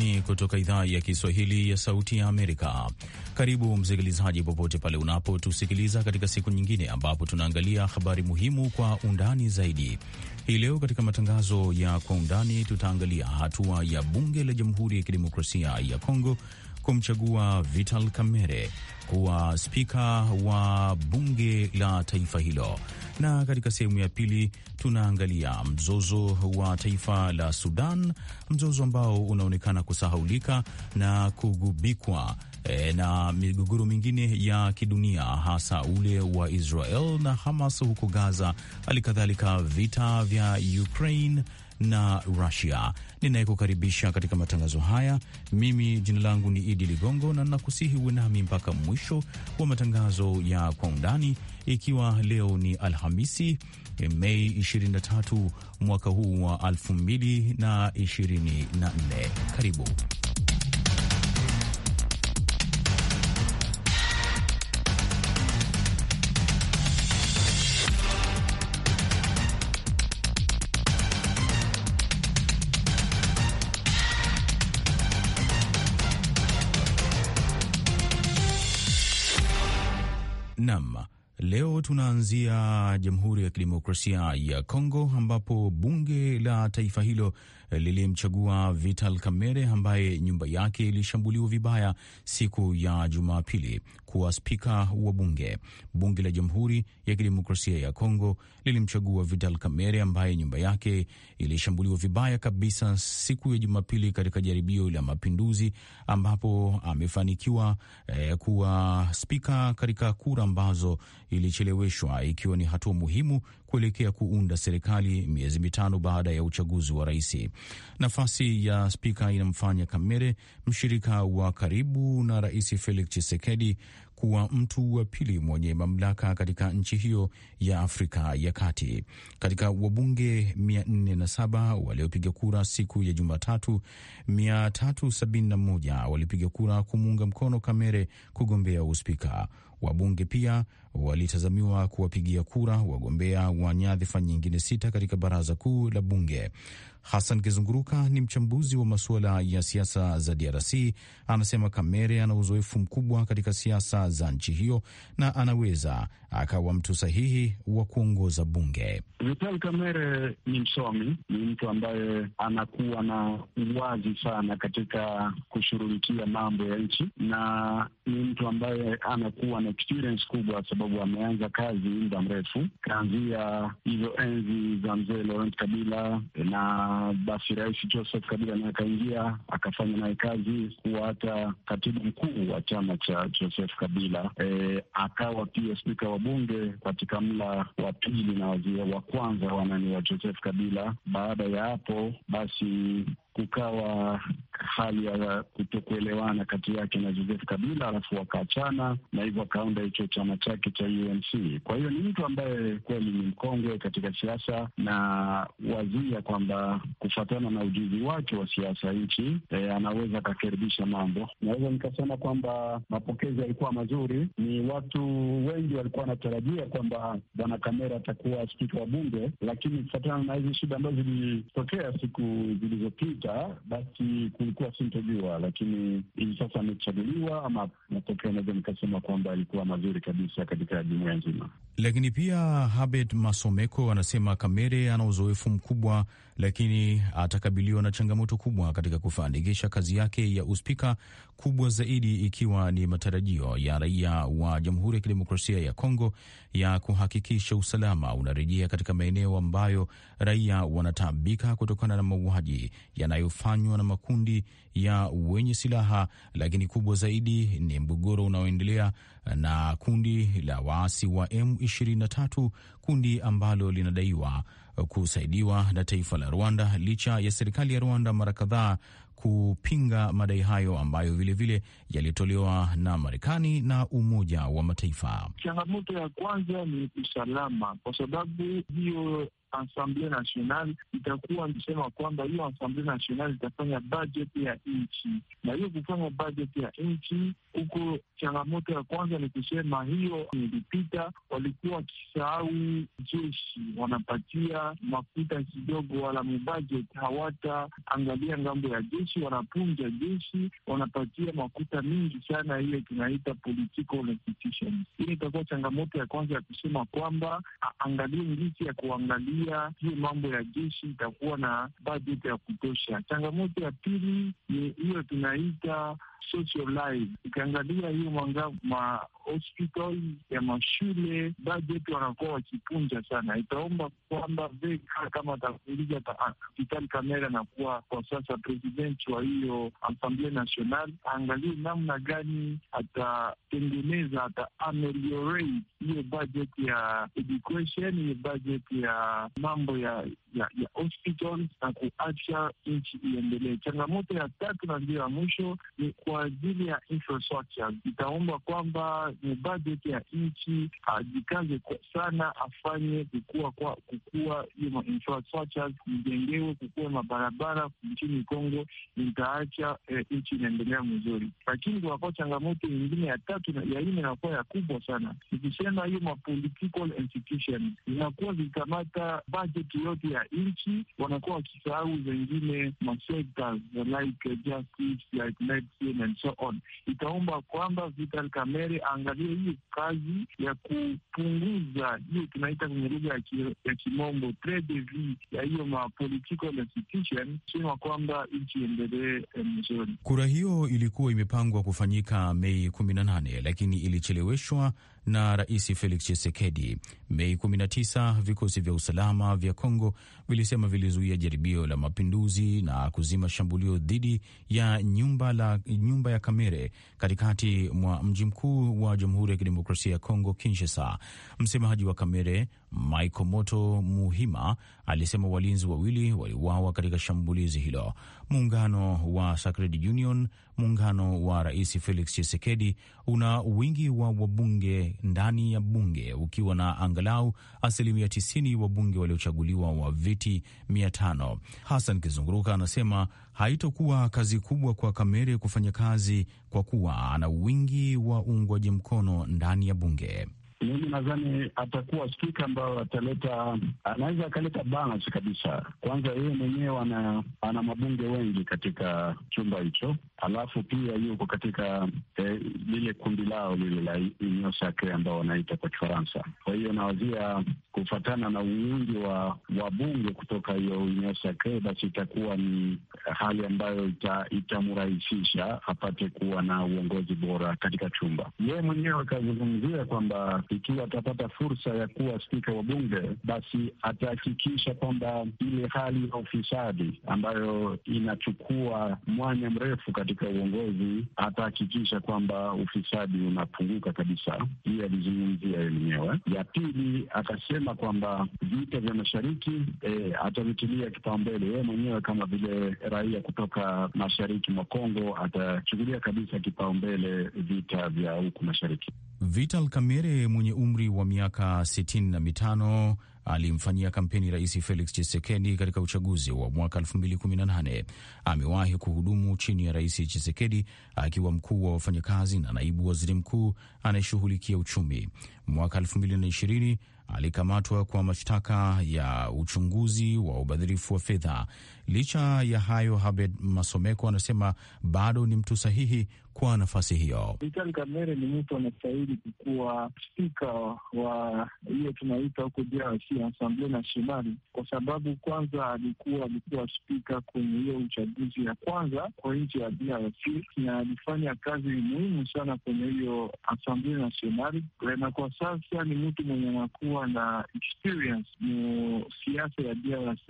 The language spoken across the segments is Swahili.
undani kutoka idhaa ya Kiswahili ya Sauti ya Amerika. Karibu msikilizaji, popote pale unapotusikiliza katika siku nyingine ambapo tunaangalia habari muhimu kwa undani zaidi. Hii leo katika matangazo ya kwa undani tutaangalia hatua ya bunge la Jamhuri ya Kidemokrasia ya Kongo kumchagua Vital Kamerhe kuwa spika wa bunge la taifa hilo na katika sehemu ya pili tunaangalia mzozo wa taifa la Sudan, mzozo ambao unaonekana kusahaulika na kugubikwa e, na migogoro mingine ya kidunia, hasa ule wa Israel na Hamas huko Gaza, hali kadhalika vita vya Ukraine na Rusia. Ninayekukaribisha katika matangazo haya mimi, jina langu ni Idi Ligongo, na nakusihi uwe nami mpaka mwisho wa matangazo ya Kwa Undani, ikiwa leo ni Alhamisi Mei 23 mwaka huu wa 2024. Karibu. tunaanzia Jamhuri ya Kidemokrasia ya Kongo ambapo bunge la taifa hilo lilimchagua Vital Kamerhe ambaye nyumba yake ilishambuliwa vibaya siku ya Jumapili kuwa spika wa bunge. Bunge la Jamhuri ya Kidemokrasia ya Kongo lilimchagua Vital Kamerhe ambaye nyumba yake ilishambuliwa vibaya kabisa siku ya Jumapili katika jaribio la mapinduzi, ambapo amefanikiwa eh, kuwa spika katika kura ambazo ilicheleweshwa, ikiwa ni hatua muhimu kuelekea kuunda serikali miezi mitano baada ya uchaguzi wa rais. Nafasi ya spika inamfanya Kamere mshirika wa karibu na Rais Felix Tshisekedi kuwa mtu wa pili mwenye mamlaka katika nchi hiyo ya Afrika ya Kati. Katika wabunge 407 waliopiga kura siku ya Jumatatu, 371 walipiga kura kumuunga mkono Kamere kugombea uspika. Wabunge pia walitazamiwa kuwapigia kura wagombea wa nyadhifa nyingine sita katika baraza kuu la bunge. Hassan Kizunguruka ni mchambuzi wa masuala ya siasa za DRC, anasema Kamere ana uzoefu mkubwa katika siasa za nchi hiyo na anaweza akawa mtu sahihi wa kuongoza bunge. Vital Kamerhe ni msomi, ni mtu ambaye anakuwa na uwazi sana katika kushughulikia mambo ya nchi, na ni mtu ambaye anakuwa na experience kubwa, sababu ameanza kazi muda mrefu, kaanzia hizo enzi za mzee Laurent Kabila na basi Rais Joseph Kabila, naye akaingia akafanya naye kazi kuwa hata katibu mkuu wa chama cha Joseph Kabila Kabila e, akawa pia spika wa bunge katika mla wa pili na wazia wa kwanza wanani wa Joseph Kabila. Baada ya hapo basi kukawa hali ya kutokuelewana kati yake na Joseph Kabila, alafu wakaachana na hivyo akaunda hicho chama chake cha UNC. Kwa hiyo ni mtu ambaye kweli ni mkongwe katika siasa na wazia kwamba kufuatana na ujuzi wake wa siasa nchi e, anaweza akakaribisha mambo. Naweza nikasema kwamba mapokezi yalikuwa mazuri, ni watu wengi walikuwa wanatarajia kwamba bwana Kamera atakuwa spika wa bunge, lakini kufuatana na hizi shida ambazo zilitokea siku zilizopita kabisa, basi kulikuwa sintojua, lakini hivi sasa amechaguliwa, ama matokeo anaweza nikasema kwamba alikuwa mazuri kabisa katika jumuiya nzima. Lakini pia Habet Masomeko anasema Kamere ana uzoefu mkubwa lakini atakabiliwa na changamoto kubwa katika kufanikisha kazi yake ya uspika, kubwa zaidi ikiwa ni matarajio ya raia wa Jamhuri ya Kidemokrasia ya Kongo ya kuhakikisha usalama unarejea katika maeneo ambayo raia wanataabika kutokana na mauaji yanayofanywa na makundi ya wenye silaha, lakini kubwa zaidi ni mgogoro unaoendelea na kundi la waasi wa M23, kundi ambalo linadaiwa kusaidiwa na taifa la Rwanda licha ya serikali ya Rwanda mara kadhaa kupinga madai hayo ambayo vilevile yalitolewa na Marekani na Umoja wa Mataifa. Changamoto ya kwanza ni usalama, kwa sababu hiyo Assemble National itakuwa kusema kwamba hiyo Assemble National itafanya bajeti ya nchi, na hiyo kufanya bajeti ya nchi huko, changamoto ya kwanza ni kusema hiyo ilipita, walikuwa wakisahau jeshi, wanapatia mafuta kidogo, wala mubajeti hawataangalia ngambo ya jeshi wananchi wanapunja jeshi, wanapatia makuta mingi sana, hiyo tunaita political institution. Hili itakuwa changamoto ya kwanza ya kusema kwamba aangalie ngisi ya kuangalia hiyo mambo ya jeshi itakuwa na bajeti ya kutosha. Changamoto ya pili ni hiyo tunaita social hiyo manga ma hospital ya mashule bajeti wanakuwa wakipunja sana, itaomba kwamba kama atakuuliza hospitali kamera na kuwa kwa sasa president rais wa hiyo Assemble National aangalie namna gani atatengeneza, ataameliorate hiyo budget ya education, hiyo budget ya mambo ya ya, ya hospital na kuacha nchi iendelee. Changamoto ya tatu na ndio ya mwisho ni kwa ajili ya infrastructure. Itaomba kwamba ni bajeti ya nchi ajikaze ah, sana, afanye kukua kwa kukua hiyo infrastructure ijengewe, kukua mabarabara nchini Kongo, itaacha eh, nchi inaendelea mzuri. Lakini kunakuwa changamoto nyingine ya tatu ya nne inakuwa ya kubwa sana, nikisema hiyo mapolitical institution zinakuwa zikamata bajeti yote ya ya nchi, wanakuwa wakisahau zengine masekta like uh, justice, like medicine and so on. Itaomba kwamba Vital Kamerhe aangalie hiyo kazi ya kupunguza hiyo tunaita kwenye lugha ya, ki, ya kimombo ya hiyo mapolitical institution, sema kwamba nchi endelee eh, mzuri. Kura hiyo ilikuwa imepangwa kufanyika Mei kumi na nane lakini ilicheleweshwa na Rais Felix chisekedi Mei 19 vikosi vya usalama vya Kongo vilisema vilizuia jaribio la mapinduzi na kuzima shambulio dhidi ya nyumba, la, nyumba ya Kamere katikati mwa mji mkuu wa Jamhuri ya Kidemokrasia ya Kongo, Kinshasa. Msemaji wa Kamere moto Muhima alisema walinzi wawili waliuawa katika shambulizi hilo. Muungano wa Sacred Union, muungano wa Rais Felix chisekedi una wingi wa wabunge ndani ya bunge ukiwa na angalau asilimia 90 wabunge waliochaguliwa wa viti 500. Hassan Kizunguruka anasema haitokuwa kazi kubwa kwa Kamere kufanya kazi kwa kuwa ana wingi wa uungwaji mkono ndani ya bunge nadhani atakuwa spika ambayo ataleta, anaweza akaleta balance kabisa. Kwanza yeye mwenyewe ana, ana mabunge wengi katika chumba hicho, alafu pia yuko katika eh, lile kundi lao lile la inyosake ambao wanaita kwa Kifaransa. Kwa hiyo nawazia kufatana na uwingi wa wabunge kutoka hiyo inyosake, basi itakuwa ni hali ambayo ita, itamrahisisha apate kuwa na uongozi bora katika chumba. Yeye mwenyewe akazungumzia kwamba ikiwa ikiwa atapata fursa ya kuwa spika wa bunge, basi atahakikisha kwamba ile hali ya ufisadi ambayo inachukua mwanya mrefu katika uongozi, atahakikisha kwamba ufisadi unapunguka kabisa. Hii alizungumzia mwenyewe Ya pili, akasema kwamba vita vya mashariki e, atavitilia kipaumbele yeye mwenyewe kama vile raia kutoka mashariki mwa Kongo atachukulia kabisa kipaumbele vita vya huku mashariki. Vital Kamerhe mwenye umri wa miaka sitini na mitano alimfanyia kampeni Rais Felix chisekedi katika uchaguzi wa mwaka 2018. Amewahi kuhudumu chini ya Rais chisekedi akiwa mkuu wa wafanyakazi na naibu waziri mkuu anayeshughulikia uchumi mwaka 2020 alikamatwa kwa mashtaka ya uchunguzi wa ubadhirifu wa fedha. Licha ya hayo, Habed Masomeko anasema bado ni mtu sahihi kwa nafasi hiyo. Vital Kamerhe ni mtu anastahili kukuwa spika wa hiyo tunaita huko DRC Assemble Nationali, kwa sababu kwanza alikuwa alikuwa spika kwenye hiyo uchaguzi ya kwanza kwa nchi ya DRC na alifanya kazi muhimu sana kwenye hiyo Assemble Nationali, na kwa sasa ni mtu mwenye anakuwa na experience mu siasa ya DRC,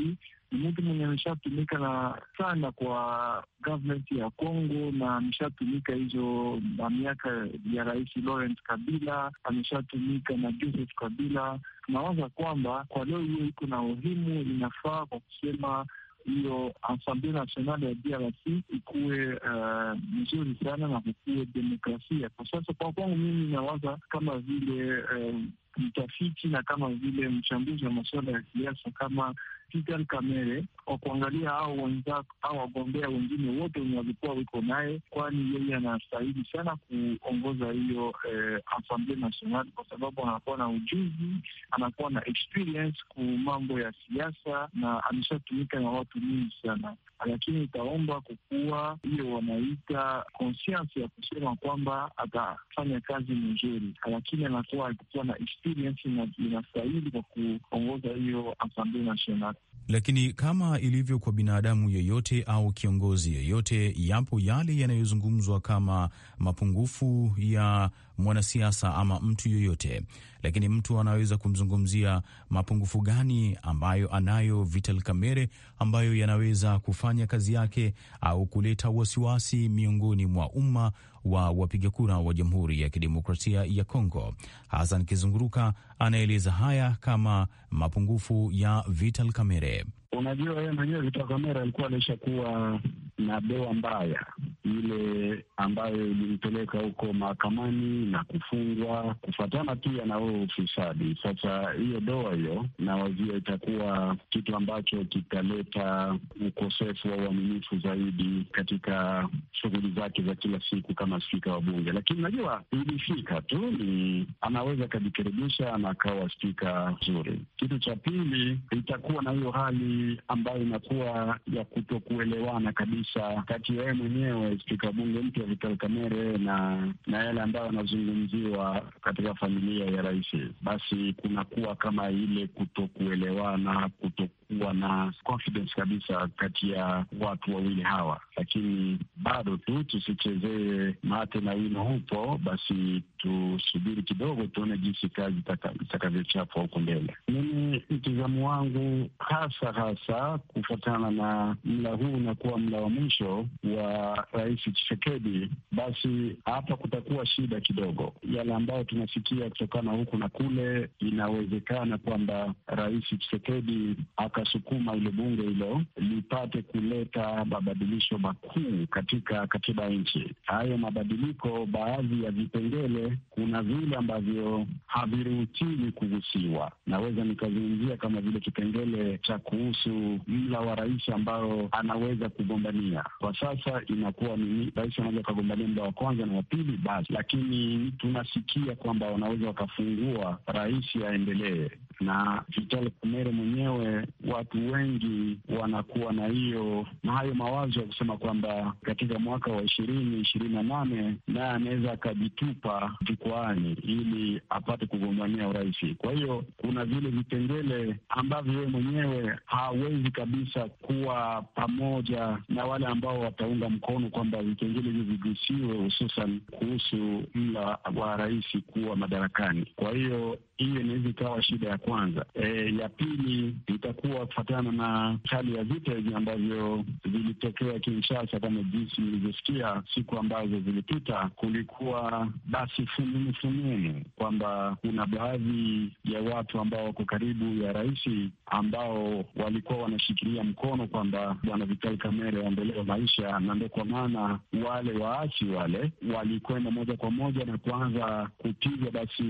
ni mtu mwenye ameshatumika na sana kwa government ya Congo na ameshatumika hizo na miaka ya Rais Laurent Kabila, ameshatumika na Joseph Kabila. Tunawaza kwamba kwa leo hiyo iko na umuhimu, inafaa kwa kusema hiyo Asamblee Nasionali ya DRC ikuwe uh, sana na kukuwe demokrasia. Kwa sasa, kwa kwangu mimi nawaza kama vile um, mtafiti na kama vile mchambuzi wa masuala ya siasa kama Fidel Kamere kwa kuangalia au wenza au wagombea wengine wote wenye walikuwa wiko naye, kwani yeye anastahili sana kuongoza hiyo eh, Assemble national kwa sababu anakuwa na ujuzi, anakuwa na experience ku mambo ya siasa na ameshatumika na watu mingi sana, lakini itaomba kukuwa hiyo wanaita conscience ya kusema kwamba atafanya kazi mzuri, lakini anakuwa akikuwa na experience inastahili kwa kuongoza hiyo Assemble National. Lakini kama ilivyo kwa binadamu yeyote au kiongozi yeyote, yapo yale yanayozungumzwa kama mapungufu ya mwanasiasa ama mtu yoyote, lakini mtu anaweza kumzungumzia mapungufu gani ambayo anayo Vital Kamerhe ambayo yanaweza kufanya kazi yake au kuleta wasiwasi miongoni mwa umma wa wapiga kura wa Jamhuri ya Kidemokrasia ya Kongo. hasan Kizunguruka anaeleza haya kama mapungufu ya Vital Kamerhe. Unajua yeye mwenyewe Vital Kamerhe alikuwa anaisha kuwa na doa mbaya ile ambayo ilimpeleka huko mahakamani na kufungwa kufuatana pia na huo ufisadi. Sasa hiyo doa hiyo nawazia itakuwa kitu ambacho kitaleta ukosefu wa uaminifu zaidi katika shughuli zake za kila siku kama spika wa Bunge. Lakini najua ilifika tu, ni anaweza akajikaribisha na akawa spika nzuri. Kitu cha pili, itakuwa na hiyo hali ambayo inakuwa ya kutokuelewana kabisa sasa kati ya yeye mwenyewe spika bunge mpya Vital Kamerhe na na yale ambayo anazungumziwa katika familia ya rais, basi kunakuwa kama ile kutokuelewana, kutokuwa na confidence kabisa kati ya watu wawili hawa, lakini bado tu tusichezee mate na wino hupo, basi tusubiri kidogo tuone jinsi kazi itakavyochapwa huko mbele. Mimi mtizamo wangu hasa hasa kufuatana na mla huu unakuwa mla wa mwisho wa Rais chisekedi basi hapa kutakuwa shida kidogo. Yale ambayo tunasikia kutokana huku na kule, inawezekana kwamba Rais chisekedi akasukuma ile bunge hilo lipate kuleta mabadilisho makuu katika katiba ya nchi. Hayo mabadiliko, baadhi ya vipengele kuna vile ambavyo haviruhusiwi kugusiwa. Naweza nikazungumzia kama vile kipengele cha kuhusu mla wa rais ambayo anaweza kugombania. Kwa sasa inakuwa ni rais anaweza akagombania mda wa kwanza na wa pili basi, lakini tunasikia kwamba wanaweza wakafungua rais aendelee na vital Kumere mwenyewe, watu wengi wanakuwa na hiyo na hayo mawazo ya kusema kwamba katika mwaka wa ishirini ishirini na nane naye anaweza akajitupa jukwaani ili apate kugombania urais. Kwa hiyo kuna vile vipengele ambavyo wewe mwenyewe hawezi kabisa kuwa pamoja na wale ambao wataunga mkono kwamba vipengele hivi vigusiwe, hususan kuhusu mla wa rais kuwa madarakani. Kwa hiyo hiyo inaweza ikawa shida ya kwanza. E, ya pili itakuwa kufuatana na hali ya vita hivi ambavyo vilitokea Kinshasa. Kama jinsi mlivyosikia siku ambazo zilipita, kulikuwa basi fununu fununu kwamba kuna baadhi ya watu ambao wako karibu ya rais ambao walikuwa wanashikilia mkono kwamba bwana Vitali Kamere aendelee maisha, na ndio kwa maana wale waasi wale walikwenda moja kwa moja na kuanza kupiga basi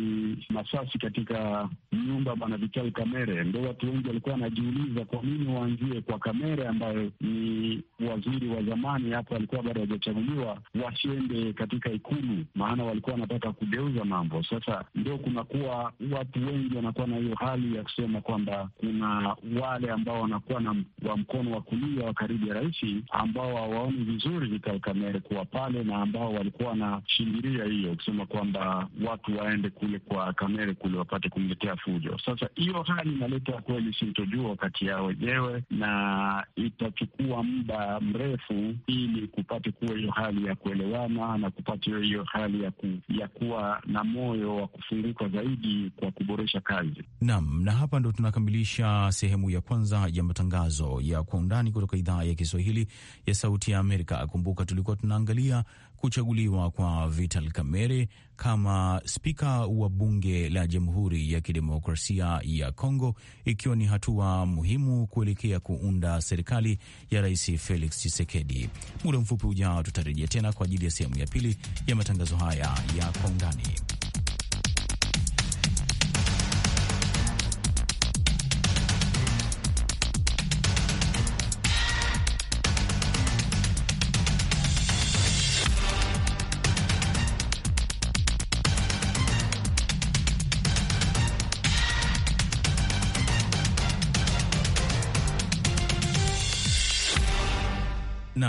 masasi katika nyumba na Vital Kamerhe. Ndo watu wengi walikuwa wanajiuliza kwa nini waanzie kwa Kamerhe ambaye ni waziri wa zamani, hapo alikuwa bado hajachaguliwa, wasiende katika Ikulu, maana walikuwa wanataka kugeuza mambo. Sasa ndio kunakuwa watu wengi wanakuwa na hiyo hali ya kusema kwamba kuna wale ambao wanakuwa na wa mkono wa kulia wa karibu ya rais ambao hawaoni vizuri Vital Kamerhe kuwa pale na ambao walikuwa shingiria hiyo kusema kwamba watu waende kule kwa Kamerhe kule wapate kumletea fujo sasa sasa hiyo hali inaleta kweli sintojua kati yao wenyewe, na itachukua muda mrefu ili kupate kuwa hiyo hali ya kuelewana na kupata hiyo hali ya, ku, ya kuwa na moyo wa kufunguka zaidi kwa kuboresha kazi. Naam, na hapa ndo tunakamilisha sehemu ya kwanza ya matangazo ya kwa undani kutoka idhaa ya Kiswahili ya Sauti ya Amerika. Kumbuka tulikuwa tunaangalia kuchaguliwa kwa Vital Kamerhe kama spika wa bunge la Jamhuri ya Kidemokrasia ya Kongo, ikiwa ni hatua muhimu kuelekea kuunda serikali ya Rais Felix Tshisekedi. Muda mfupi ujao tutarejea tena kwa ajili ya sehemu ya pili ya matangazo haya ya Kwa Undani.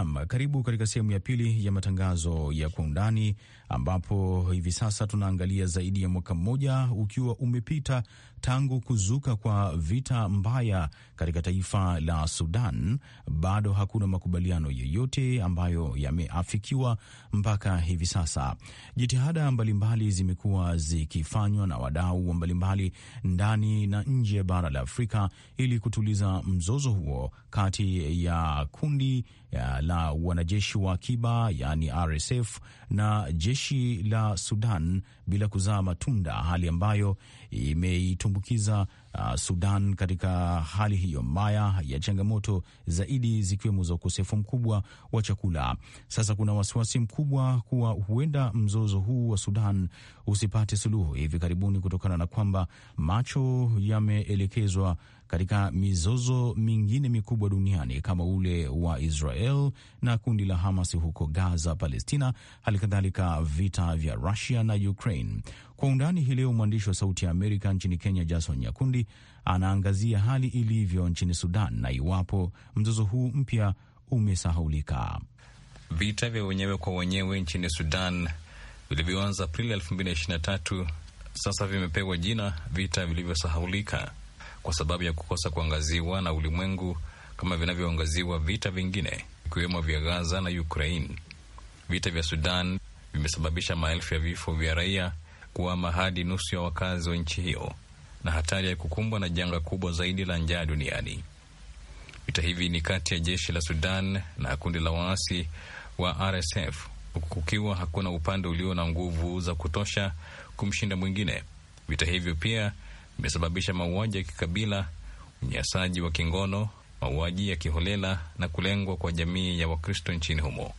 Naam, karibu katika sehemu ya pili ya matangazo ya kwa undani ambapo hivi sasa tunaangalia zaidi ya mwaka mmoja ukiwa umepita tangu kuzuka kwa vita mbaya katika taifa la Sudan. Bado hakuna makubaliano yoyote ambayo yameafikiwa mpaka hivi sasa. Jitihada mbalimbali zimekuwa zikifanywa na wadau mbalimbali ndani na nje ya bara la Afrika ili kutuliza mzozo huo kati ya kundi la wanajeshi wa akiba yani RSF na jeshi la Sudan bila kuzaa matunda, hali ambayo imeitumbukiza Uh, Sudan katika hali hiyo mbaya ya changamoto zaidi zikiwemo za ukosefu mkubwa wa chakula. Sasa kuna wasiwasi mkubwa kuwa huenda mzozo huu wa Sudan usipate suluhu hivi karibuni kutokana na kwamba macho yameelekezwa katika mizozo mingine mikubwa duniani kama ule wa Israel na kundi la Hamas huko Gaza, Palestina, hali kadhalika vita vya Rusia na Ukraine. Kwa undani hii leo, mwandishi wa Sauti ya Amerika nchini Kenya, Jason Nyakundi, anaangazia hali ilivyo nchini Sudan na iwapo mzozo huu mpya umesahaulika. Vita vya wenyewe kwa wenyewe nchini Sudan vilivyoanza Aprili 2023 sasa vimepewa jina vita vilivyosahaulika kwa sababu ya kukosa kuangaziwa na ulimwengu kama vinavyoangaziwa vita vingine vikiwemo vya Gaza na Ukraine. Vita vya Sudan vimesababisha maelfu ya vifo vya raia kuama hadi nusu ya wakazi wa nchi hiyo na hatari ya kukumbwa na janga kubwa zaidi la njaa duniani. Vita hivi ni kati ya jeshi la Sudan na kundi la waasi wa RSF, huku kukiwa hakuna upande ulio na nguvu za kutosha kumshinda mwingine. Vita hivyo pia vimesababisha mauaji ya kikabila, unyanyasaji wa kingono, mauaji ya kiholela na kulengwa kwa jamii ya Wakristo nchini humo.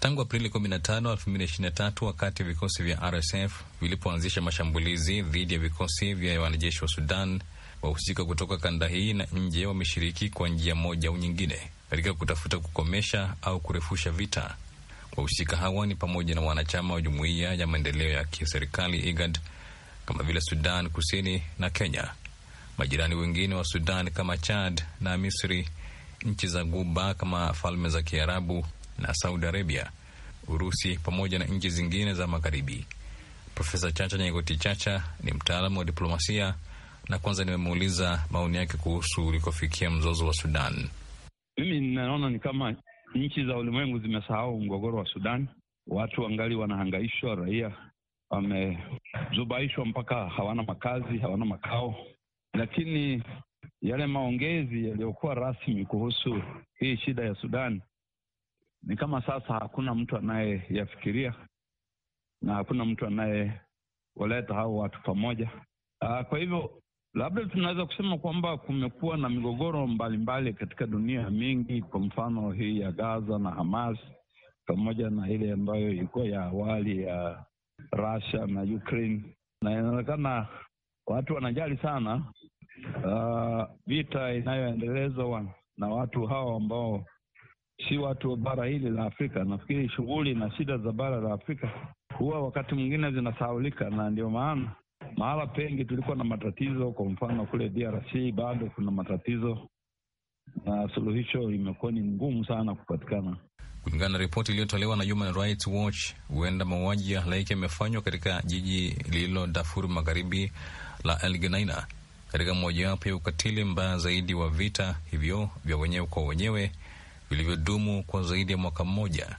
Tangu Aprili 15, 2023 wakati vikosi vya RSF vilipoanzisha mashambulizi dhidi ya vikosi vya wanajeshi wa Sudan, wahusika kutoka kanda hii na nje wameshiriki kwa njia moja au nyingine katika kutafuta kukomesha au kurefusha vita. Wahusika hawa ni pamoja na wanachama wa jumuiya ya maendeleo ya kiserikali IGAD kama vile Sudan Kusini na Kenya, majirani wengine wa Sudan kama Chad na Misri, nchi za Guba kama Falme za Kiarabu na Saudi Arabia, Urusi pamoja na nchi zingine za Magharibi. Profesa Chacha Nyegoti Chacha ni mtaalamu wa diplomasia na kwanza nimemuuliza maoni yake kuhusu ulikofikia mzozo wa Sudan. Mimi ninaona ni kama nchi za ulimwengu zimesahau mgogoro wa Sudan. Watu wangali wanahangaishwa, raia wamezubaishwa mpaka hawana makazi, hawana makao. Lakini yale maongezi yaliyokuwa rasmi kuhusu hii shida ya Sudan ni kama sasa hakuna mtu anayeyafikiria na hakuna mtu anayewaleta hao watu pamoja. Aa, ah, kwa hivyo labda tunaweza kusema kwamba kumekuwa na migogoro mbalimbali mbali katika dunia mingi, kwa mfano hii ya Gaza na Hamas pamoja na ile ambayo ilikuwa ya awali ya Russia na Ukraine, na inaonekana watu wanajali sana uh, vita inayoendelezwa na watu hao ambao si watu wa bara hili la Afrika. Nafikiri shughuli na shida za bara la Afrika huwa wakati mwingine zinasahaulika, na ndio maana mahala pengi tulikuwa na matatizo. Kwa mfano kule DRC bado kuna matatizo na suluhisho imekuwa ni ngumu sana kupatikana. Kulingana na ripoti iliyotolewa na Human Rights Watch, huenda mauaji ya halaiki yamefanywa katika jiji lililo Darfur magharibi la Elgenaina, katika mojawapo ya ukatili mbaya zaidi wa vita hivyo vya wenyewe kwa wenyewe vilivyodumu kwa zaidi ya mwaka mmoja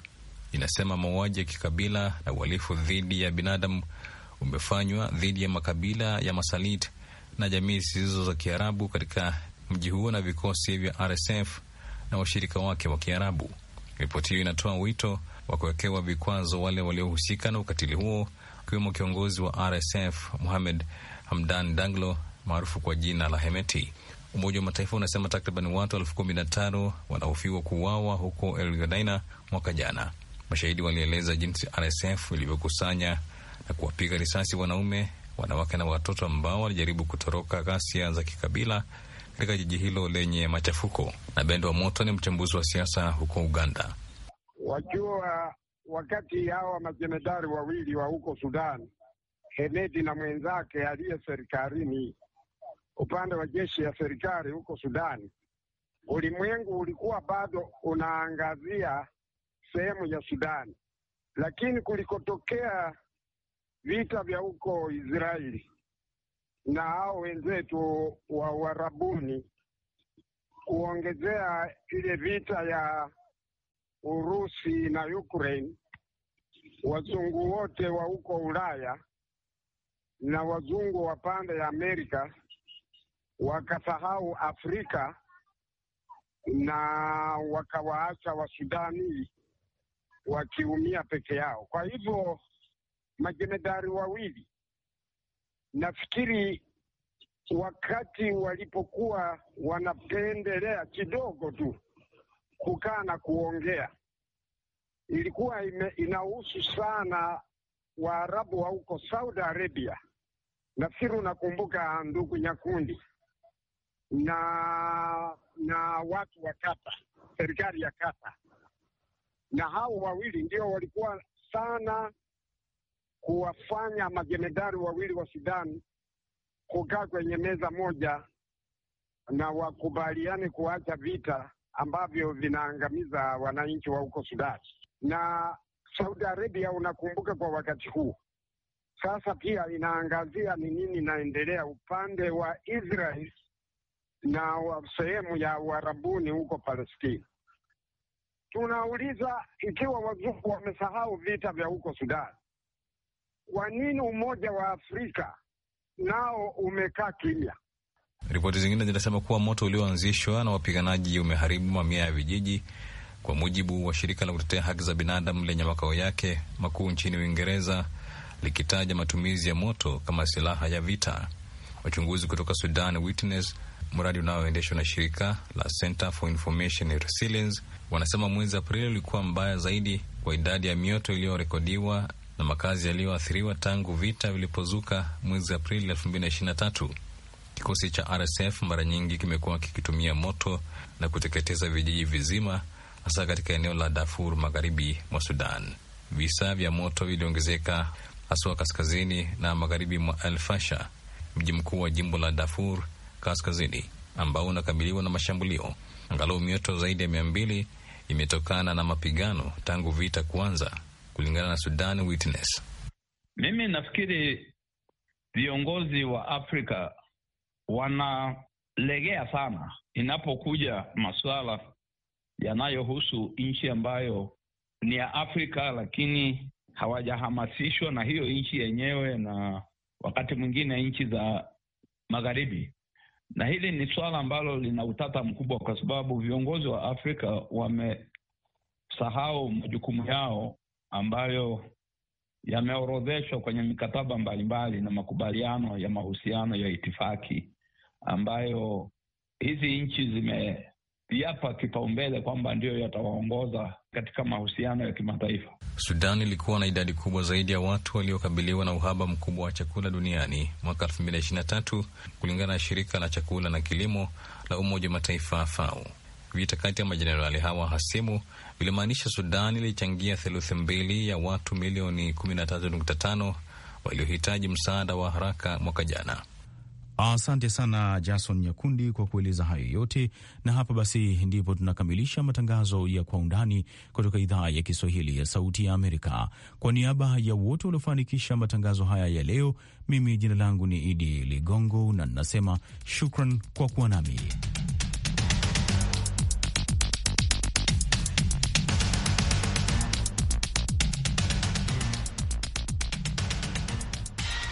inasema mauaji ya kikabila na uhalifu dhidi ya binadamu umefanywa dhidi ya makabila ya Masalit na jamii zisizo za Kiarabu katika mji huo na vikosi vya RSF na washirika wake wa Kiarabu. Ripoti hiyo inatoa wito wa kuwekewa vikwazo wale waliohusika na ukatili huo, akiwemo kiongozi wa RSF Muhamed Hamdan Daglo maarufu kwa jina la Hemeti. Umoja wa Mataifa unasema takriban watu elfu kumi na tano wanahofiwa kuuawa huko Elgedaina mwaka jana. Mashahidi walieleza jinsi RSF ilivyokusanya na kuwapiga risasi wanaume, wanawake na watoto ambao walijaribu kutoroka ghasia za kikabila katika jiji hilo lenye machafuko. Na Bendo wa Moto ni mchambuzi wa siasa huko Uganda. Wajua, wakati hawa majemedari wawili wa huko Sudan, Hemedi na mwenzake aliye serikalini upande wa jeshi ya serikali huko Sudani, ulimwengu ulikuwa bado unaangazia sehemu ya Sudani, lakini kulikotokea vita vya huko Israeli na hao wenzetu wa Uarabuni, kuongezea ile vita ya Urusi na Ukraine, wazungu wote wa huko Ulaya na wazungu wa pande ya Amerika wakasahau Afrika na wakawaacha Wasudani wakiumia peke yao. Kwa hivyo majemadari wawili nafikiri wakati walipokuwa wanapendelea kidogo tu kukaa na kuongea, ilikuwa ime, inahusu sana Waarabu wa huko Saudi Arabia. Nafikiri unakumbuka ndugu Nyakundi, na na watu wa kata, serikali ya kata, na hao wawili ndio walikuwa sana kuwafanya majemedari wawili wa Sudani kukaa kwenye meza moja na wakubaliane kuacha vita ambavyo vinaangamiza wananchi wa huko Sudani na Saudi Arabia. Unakumbuka kwa wakati huu sasa pia inaangazia ni nini inaendelea upande wa Israel na sehemu ya Uarabuni huko Palestina. Tunauliza ikiwa wazungu wamesahau vita vya huko Sudan, kwa nini Umoja wa Afrika nao umekaa kimya? Ripoti zingine zinasema kuwa moto ulioanzishwa na wapiganaji umeharibu mamia ya vijiji, kwa mujibu wa shirika la kutetea haki za binadamu lenye makao yake makuu nchini Uingereza, likitaja matumizi ya moto kama silaha ya vita. Wachunguzi kutoka Sudan Witness mradi unaoendeshwa na shirika la Center for Information and Resilience, wanasema mwezi Aprili ulikuwa mbaya zaidi kwa idadi ya mioto iliyorekodiwa na makazi yaliyoathiriwa tangu vita vilipozuka mwezi Aprili 2023. Kikosi cha RSF mara nyingi kimekuwa kikitumia moto na kuteketeza vijiji vizima, hasa katika eneo la Darfur magharibi mwa Sudan. Visa vya moto viliongezeka haswa kaskazini na magharibi mwa Al mji mkuu wa jimbo la Darfur kaskazini ambao unakabiliwa na mashambulio. Angalau mioto zaidi ya mia mbili imetokana na mapigano tangu vita kuanza, kulingana na Sudan Witness. Mimi nafikiri viongozi wa Afrika wanalegea sana inapokuja masuala yanayohusu nchi ambayo ni ya Afrika, lakini hawajahamasishwa na hiyo nchi yenyewe, na wakati mwingine nchi za magharibi na hili ni suala ambalo lina utata mkubwa, kwa sababu viongozi wa Afrika wamesahau majukumu yao ambayo yameorodheshwa kwenye mikataba mbalimbali na makubaliano ya mahusiano ya itifaki ambayo hizi nchi zime yapa kipaumbele kwamba ndiyo yatawaongoza katika mahusiano ya kimataifa. Sudan ilikuwa na idadi kubwa zaidi ya watu waliokabiliwa na uhaba mkubwa wa chakula duniani mwaka tatu kulingana na shirika la chakula na kilimo la Umoja wa Mataifa FAO. Vita kati ya majenerali hawa hasimu vilimaanisha Sudan ilichangia theluthi mbili ya watu milioni 13.5 waliohitaji msaada wa haraka mwaka jana. Asante sana Jason Nyakundi kwa kueleza hayo yote, na hapa basi ndipo tunakamilisha matangazo ya Kwa Undani kutoka idhaa ya Kiswahili ya Sauti ya Amerika. Kwa niaba ya wote waliofanikisha matangazo haya ya leo, mimi jina langu ni Idi Ligongo na ninasema shukran kwa kuwa nami.